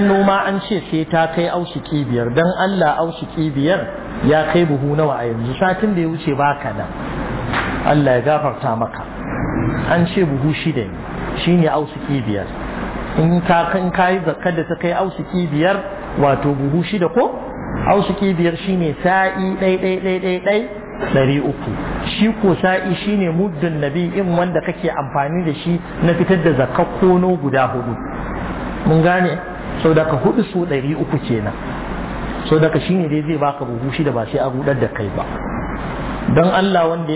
wajen noma an ce sai ta kai aushiki biyar don Allah aushiki biyar ya kai buhu nawa a yanzu satin da ya wuce baka nan Allah ya gafarta maka an ce buhu shida ne shine aushiki biyar in ka kan kai da ta kai aushiki biyar wato buhu shida ko aushiki biyar shine sa'i ɗai ɗai ɗai ɗai ɗai dari uku shi ko sa'i shine muddin nabi in wanda kake amfani da shi na fitar da zakka kono guda hudu mun gane sau da ka hudu su ɗari uku kenan sau shi shine dai zai baka buhu shi da ba sai a buɗar da kai ba don Allah wanda